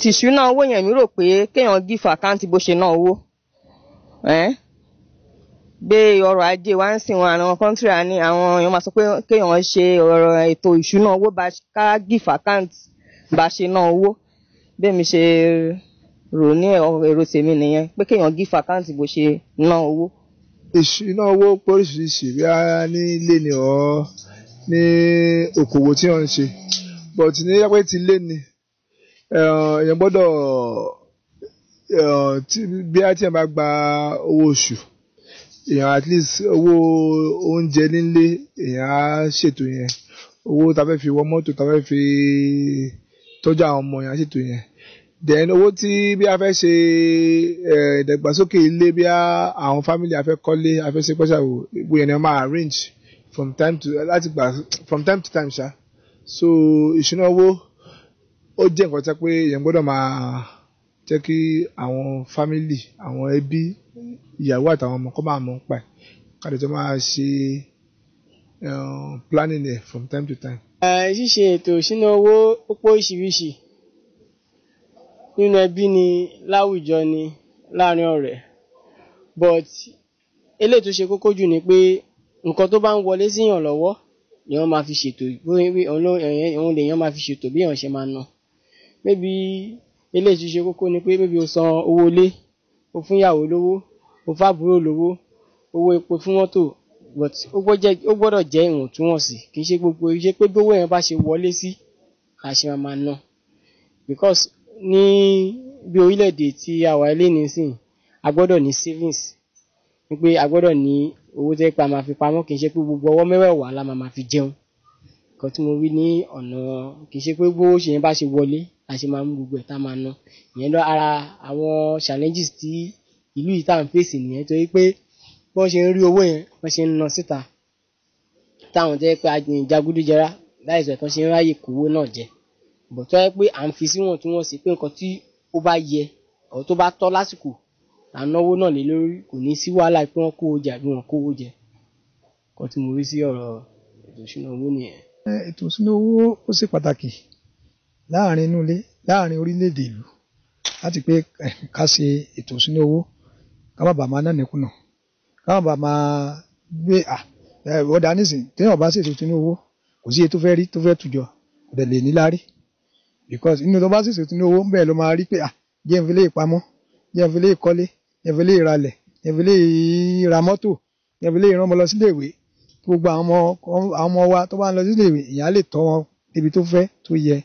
Tìṣúná owó yẹn èmi rò pé kéèyàn give àkáǹtì bó ṣe ná owó. Gbé ọrọ̀ ajé wa ń sìn wọn àwọn country wa ní àwọn èèyàn máa sọ pé kéèyàn ṣe ọ̀rọ̀ ètò ìṣúná owó bá ká give account bá ṣe ná owó. Bẹ́mi ṣe rò ní èrò tèmi nìyẹn pé kéèyàn give account bó ṣe ná owó. Ìṣúná owó pé oríṣiríṣi bóyá ní ilé ni or ní okòwò tí èèyàn ń ṣe. But ní pé ti ilé ni Eh, èèyàn gbọ́dọ̀ eh, bí a ti bá gba owó oṣù èèyàn at least owó oúnjẹ nílé èèyàn á ṣètò yẹn owó ta fẹ́ fi wọ mọ́tò ta fẹ́ fi tọ́jú àwọn ọmọ yẹn á ṣètò yẹn then owó tí bí a fẹ́ ṣe eh, ìdàgbàsókè ilé bí àwọn family a fẹ́ kọ́lé a fẹ́ ṣe pẹ́ṣàwò gbogbo yẹn ni wọ́n máa arrange from time to láti gbà from time to time ṣá so ìṣúná owó ó jẹ́ nǹkan tẹ́ pé èèyàn gbọ́dọ̀ máa jẹ́ kí àwọn fámìlì àwọn ẹbí ìyàwó àtàwọn ọmọ kọ́ máa mọ̀ ń pa ẹ̀ káàdì tó máa ṣe eh, planning ẹ̀ from time to time. Eh, ṣíṣe ètò ìṣúná owó ó pọ̀ oríṣiríṣi nínú ẹbí ni láwùjọ ni láàrin ọ̀rẹ́ but eléyìí tó ṣe kókó jù ni pé nǹkan tó bá ń wọlé síyàn lọ́wọ́ lèèyàn máa fi ṣètò bí òun lèèyàn eh, máa fi ṣètò bí èèyàn ṣe máa ná maybe eléyìí ti ṣe kókó ni pé maybe o san owó ilé o fún ìyàwó lówó o fún àbúrò lówó owó epo fún mọ́tò but ó gbọ́dọ̀ jẹ́ ìwọ̀ntúnwọ̀nsì kì í ṣe gbogbo ṣe pé gbówó yẹn bá ṣe wọlé sí àṣẹ máa máa ná because ní bí orílẹ̀-èdè tí a wà ilé nísìnyí a gbọ́dọ̀ ní savings wípé a gbọ́dọ̀ ní owó tẹ́ pé a máa fi pamọ́ kì í ṣe pé gbogbo ọwọ́ mẹ́wẹ̀ẹ̀wá la máa fi jẹun nǹkan tí mo wí ní ọ̀nà kì í ṣe pé bó ṣe yẹn bá ṣe wọlé la ṣe máa mú gbogbo ẹ̀ tá a máa ná ìyẹn lọ ara àwọn challenges tí ìlú yìí tá à ń fèsì nìyẹn torí pé bọ́n ṣe ń rí owó yẹn bọ́n ṣe ń ná síta táwọn tó yẹ pé jagudujára láìsọ ìtàn ṣe ń ráyè kówó náà jẹ bọ̀ tó yẹ pé à ń fi síwọ̀ntúnwọ̀nsì pé nǹkan tí ó bá yẹ ọ̀ tó bá tọ́ lásìkò à náà lé lórí kò ní sí wàhálà pé wọ́n kówó jẹ àbí wọ́n kówó jẹ nǹkan tí mo rí sí ọ̀rọ̀ ètò ìṣúná owó nìyẹn ètò ìṣúná owó ó ṣe pàtàkì láàrin inú ilé láàrin orílẹ̀-èdè ìlú láti pé ká ṣe ètò ìṣúná owó ká má bàa máa náni kùnà ká má bàa máa gbé ọ̀dà nísìnyí téèyàn bá ṣètò ìṣúná owó kò sí iye tó fẹ́ rí tó fẹ́ tùjọ kò dẹ̀ lè ní láárí because inú tó bá ṣètò ìṣúná owó bẹ́ẹ̀ ló máa rí pé jẹ́ n fi lè pamọ́ jẹ́ n fi lè kọ́lé jẹ́ n fi lè ralẹ̀ jẹ́ n fi lè ra jẹ́ n fi lè gbogbo àwọn ọmọ wa tó bá ń lọ sí ilé ìwé ìyá lè tọ́ wọn débi tó fẹ́ tó yẹ